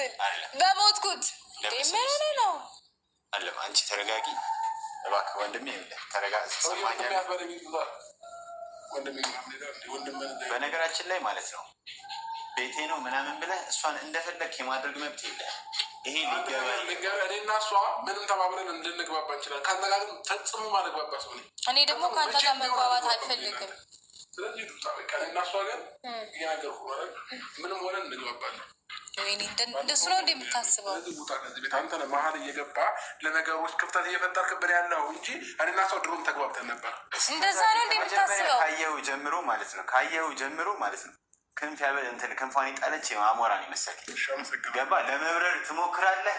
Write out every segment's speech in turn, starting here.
ስትል በሞትኩት ምንሆነ ነው አለም። አንቺ ተረጋጊ እባክህ ወንድሜ፣ በነገራችን ላይ ማለት ነው ቤቴ ነው ምናምን ብለህ እሷን እንደፈለግ የማድረግ መብት የለህ። ይሄ እኔና እሷ ምንም ተባብረን እንድንግባባ ሰው እኔ ደግሞ ከአንተ ጋር መግባባት አልፈልግም። ስለዚህ ዱታ በቃ እሷ ግን ምንም ሆነ እንግባባለን። እንደሱ ነው እንደ የምታስበው አንተ መሀል እየገባ ለነገሮች ክፍተት እየፈጠርክብን ያለው እንጂ እኔና ሰው ድሮም ተግባብተን ነበር። እንደዛ ነው እንደ የምታስበው ካየው ጀምሮ ማለት ነው። ካየው ጀምሮ ማለት ነው። ክንፍ ያበ እንትን ክንፏን አሞራን ይመስል ገባ ለመብረር ትሞክራለህ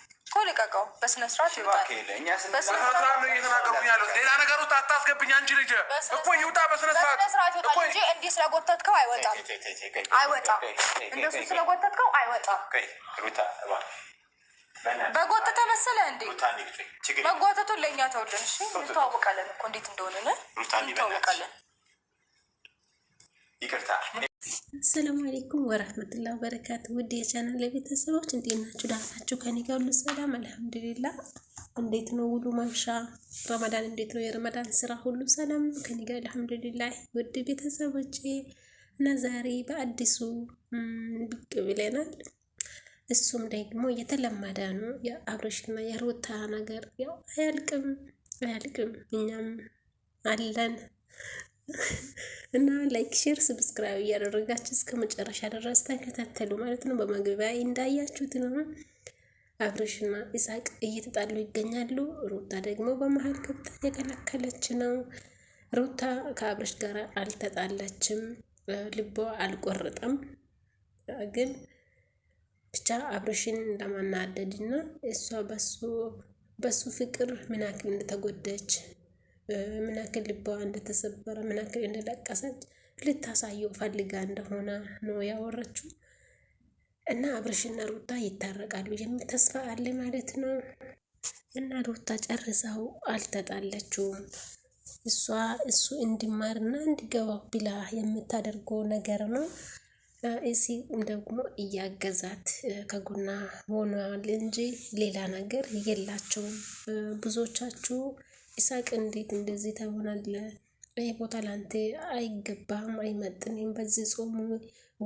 ቶሎ ልቀቀው። በስነ ስርዓት ይባል። ሌላ ነገር ውስጥ አታስገብኝ አንቺ ልጅ እኮ ይውጣ። በስነ ስርዓት ይወጣል እንጂ እንዲህ ስለጎተትከው አይወጣም፣ አይወጣም። እንደሱ ስለጎተትከው አይወጣም። በጎተተ መሰለ እንዴ? መጓተቱን ለእኛ ተውልን። እሺ እንተዋወቃለን እኮ እንዴት እንደሆንን እንተዋወቃለን። ይቅርታ አሰላሙ አሌይኩም ወረህመቱላ በረካቱ። ውድ የቻናል ቤተሰቦች እንዴት ናችሁ? ደህና ናችሁ? ከኔ ጋር ሁሉ ሰላም አልሐምዱሊላ። እንዴት ነው ውሉ ማምሻ ረመዳን? እንዴት ነው የረመዳን ስራ? ሁሉ ሰላም ነው ከኔ ጋር አልሐምዱሊላ። ውድ ቤተሰቦቼ እና ዛሬ በአዲሱ ብቅ ብለናል። እሱም ደግሞ የተለመደ ነው የአብርሽና የሩታ ነገር ያው አያልቅም አያልቅም። እኛም አለን እና ላይክ፣ ሼር፣ ሰብስክራይብ እያደረጋችሁ እስከ መጨረሻ ድረስ ተከታተሉ ማለት ነው። በመግቢያ እንዳያችሁት ነው አብርሽና ኢሳቅ እየተጣሉ ይገኛሉ። ሩታ ደግሞ በመሀል ገብታ የከለከለች ነው። ሩታ ከአብርሽ ጋር አልተጣላችም፣ ልቦ አልቆረጠም። ግን ብቻ አብርሽን ለማናደድና እሷ በሱ ፍቅር ምን ያክል እንደተጎደች ምን ያክል ልቧ እንደተሰበረ ምን ያክል እንደለቀሰች ልታሳየው ፈልጋ እንደሆነ ነው ያወረችው። እና አብርሽና ሩታ ይታረቃሉ የሚል ተስፋ አለ ማለት ነው። እና ሩታ ጨርሰው አልተጣለችውም። እሷ እሱ እንዲማርና እንዲገባው ብላ የምታደርገው ነገር ነው። እሲ ደግሞ እያገዛት ከጎና ሆኗል እንጂ ሌላ ነገር የላቸውም። ብዙዎቻችሁ ይሳቅ እንዴት እንደዚህ ትሆናለህ? ይሄ ቦታ ላንተ አይገባም፣ አይመጥንም። በዚህ ጾሙ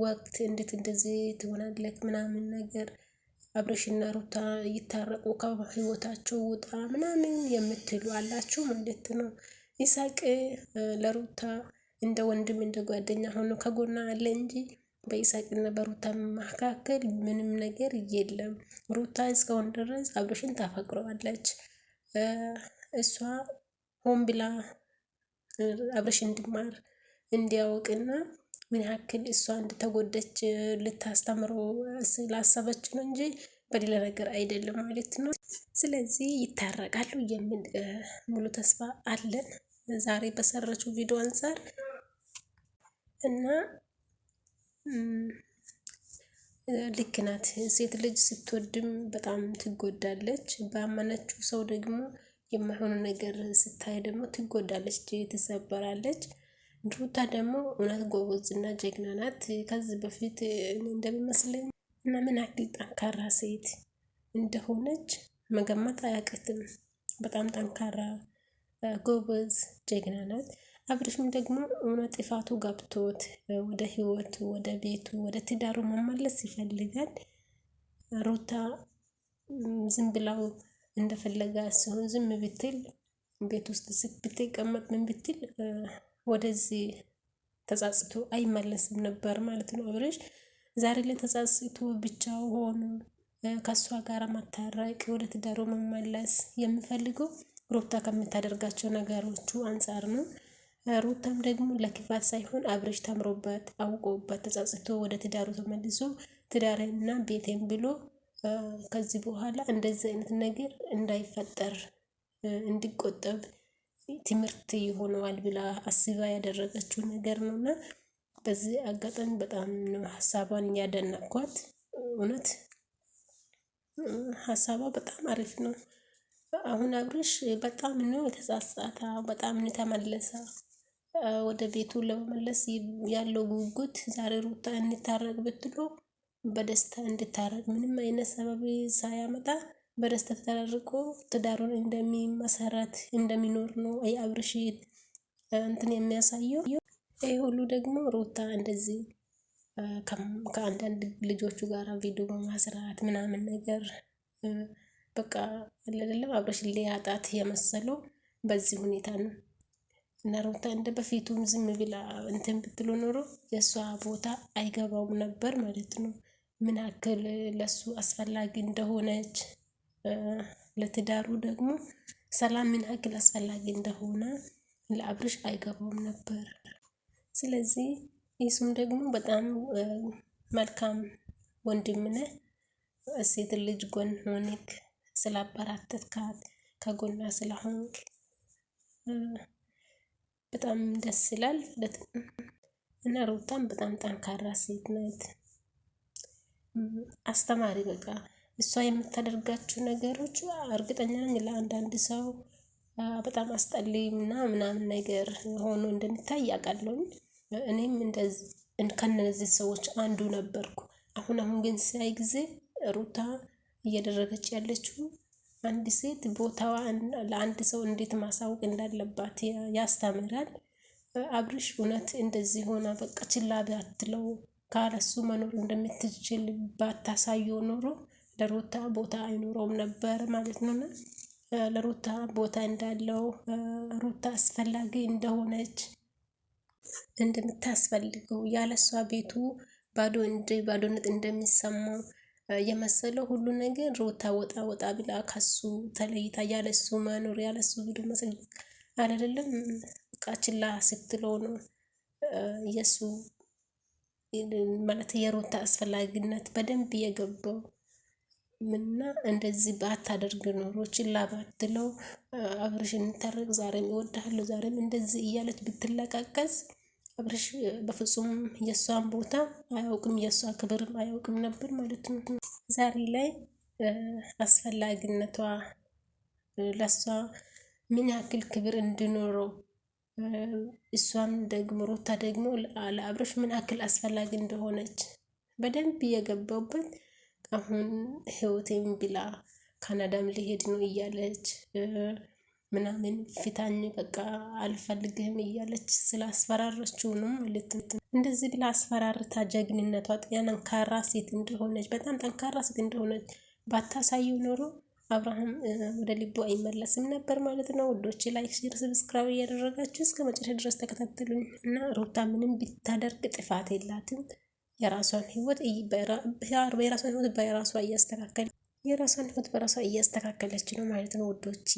ወቅት እንዴት እንደዚህ ትሆናለህ? ምናምን ነገር አብረሽና ሩታ እይታረቁ ከህይወታቸው ውጣ ምናምን የምትሉ አላችሁ ማለት ነው። ይሳቅ ለሩታ እንደ ወንድም እንደ ጓደኛ ሆኖ ከጎና አለ እንጂ በይሳቅና በሩታ መካከል ምንም ነገር የለም። ሩታ እስካሁን ድረስ አብረሽን ታፈቅረዋለች። እሷ ሆን ብላ አብረሽ እንድማር እንዲያውቅና ምን ያክል እሷ እንደተጎደች ልታስተምረው ስላሰበች ነው እንጂ በሌላ ነገር አይደለም ማለት ነው። ስለዚህ ይታረቃሉ የሚል ሙሉ ተስፋ አለን። ዛሬ በሰራችው ቪዲዮ አንጻር እና ልክ ናት። ሴት ልጅ ስትወድም በጣም ትጎዳለች። ባመነችው ሰው ደግሞ የማይሆኑ ነገር ስታይ ደግሞ ትጎዳለች፣ ትሰበራለች። ሩታ ደግሞ እውነት ጎበዝና ጀግና ናት። ከዚህ በፊት እንደሚመስለኝ እና ምን ያክል ጠንካራ ሴት እንደሆነች መገመት አያቅትም። በጣም ጠንካራ ጎበዝ ጀግና ናት። አብርሽም ደግሞ እውነት ጥፋቱ ገብቶት ወደ ህይወቱ፣ ወደ ቤቱ፣ ወደ ትዳሩ መመለስ ይፈልጋል። ሩታ ዝም ብላው እንደፈለገ ሲሆን ዝም ብትል ቤት ውስጥ ብትቀመጥ ምን ብትል ወደዚህ ተጻጽቶ አይመለስም ነበር ማለት ነው። አብርሽ ዛሬ ላይ ተጻጽቶ ብቻው ሆኖ ከእሷ ጋር ማታረቅ ወደ ትዳሩ መመለስ የምፈልገው ሩታ ከምታደርጋቸው ነገሮቹ አንጻር ነው። ሩታም ደግሞ ለክፋት ሳይሆን አብርሽ ተምሮበት አውቆበት ተጻጽቶ ወደ ትዳሩ ተመልሶ ትዳርና ቤቴን ብሎ ከዚህ በኋላ እንደዚህ አይነት ነገር እንዳይፈጠር እንዲቆጠብ ትምህርት ይሆነዋል ብላ አስባ ያደረገችው ነገር ነው እና በዚህ አጋጣሚ በጣም ነው ሀሳቧን እያደነቅኳት። እውነት ሀሳቧ በጣም አሪፍ ነው። አሁን አብርሽ በጣም ነው የተጻጻታ፣ በጣም ነው የተመለሰ ወደ ቤቱ ለመመለስ ያለው ጉጉት ዛሬ ሩታ እንታረቅ ብትሎ በደስታ እንድታረቅ ምንም አይነት ሰበብ ሳያመጣ በደስታ ተራርቆ ትዳሩን እንደሚመሰረት እንደሚኖር ነው የአብርሽ እንትን የሚያሳየው። ይህ ሁሉ ደግሞ ሩታ እንደዚህ ከአንዳንድ ልጆቹ ጋር ቪዲዮ በማስራት ምናምን ነገር በቃ አይደለም አብርሽን ሊያጣት የመሰለው በዚህ ሁኔታ ነው። እና ሩታ እንደ በፊቱም ዝም ብላ እንትን ብትሉ ኖሮ የእሷ ቦታ አይገባውም ነበር ማለት ነው። ምን ያክል ለሱ አስፈላጊ እንደሆነች ለትዳሩ ደግሞ ሰላም ምን ያክል አስፈላጊ እንደሆነ ለአብርሽ አይገባውም ነበር። ስለዚህ እሱም ደግሞ በጣም መልካም ወንድምነ ሴት ልጅ ጎን ሆንክ ስላበራተትካት ከጎና ስለሆንክ በጣም ደስ ይላል እና ሩታም በጣም ጠንካራ ሴት ናት። አስተማሪ በቃ እሷ የምታደርጋችሁ ነገሮች እርግጠኛ ነኝ ለአንዳንድ ሰው በጣም አስጠሊምና ምናምን ነገር ሆኖ እንደሚታይ ያውቃለሁ። እኔም ከነዚህ ሰዎች አንዱ ነበርኩ። አሁን አሁን ግን ሲያይ ጊዜ ሩታ እያደረገች ያለችው አንድ ሴት ቦታዋ ለአንድ ሰው እንዴት ማሳወቅ እንዳለባት ያስተምራል። አብርሽ እውነት እንደዚህ ሆና በቃ ችላ አትለው። ካለሱ መኖር እንደምትችል ባታሳየው ኖሮ ለሩታ ቦታ አይኖረውም ነበር ማለት ነው። እና ለሩታ ቦታ እንዳለው ሩታ አስፈላጊ እንደሆነች እንደምታስፈልገው ያለሷ ቤቱ ባዶ እንደ ባዶነት እንደሚሰማው የመሰለው ሁሉ ነገር ሩታ ወጣ ወጣ ብላ ከሱ ተለይታ ያለሱ መኖር ያለሱ ብሎ መሰል አይደለም ቃችላ ስትለው ነው የሱ ማለት የሩታ አስፈላጊነት በደንብ የገባው ምና እንደዚህ ባታደርግ ኖሮ ችላ ባትለው አብርሽ እንታረቅ፣ ዛሬም እወድሃለሁ፣ ዛሬም እንደዚህ እያለች ብትለቃቀስ አብርሽ በፍጹም የእሷን ቦታ አያውቅም፣ የእሷ ክብርም አያውቅም ነበር ማለት ነው። ዛሬ ላይ አስፈላጊነቷ ለእሷ ምን ያክል ክብር እንዲኖረው እሷም ደግሞ ሩታ ደግሞ ለአብርሽ ምን አክል አስፈላጊ እንደሆነች በደንብ እየገባበት አሁን ህይወቴም ብላ ካናዳም ሊሄድ ነው እያለች ምናምን ፊታኝ በቃ አልፈልግህም እያለች ስላስፈራረችው ነው ማለት እንደዚህ ብላ አስፈራርታ ጀግንነቷ ጠንካራ ሴት እንደሆነች በጣም ጠንካራ ሴት እንደሆነች ባታሳየው ኖሮ አብርሃም ወደ ልቡ አይመለስም ነበር ማለት ነው። ውዶች ላይክ፣ ሼር፣ ሰብስክራይብ እያደረጋችሁ እስከ መጨረሻ ድረስ ተከታተሉኝ እና ሩታ ምንም ብታደርግ ጥፋት የላትም። የራሷን ህይወት የራሷን ህይወት በራሷ እያስተካከል የራሷን ህይወት በራሷ እያስተካከለች ነው ማለት ነው ውዶች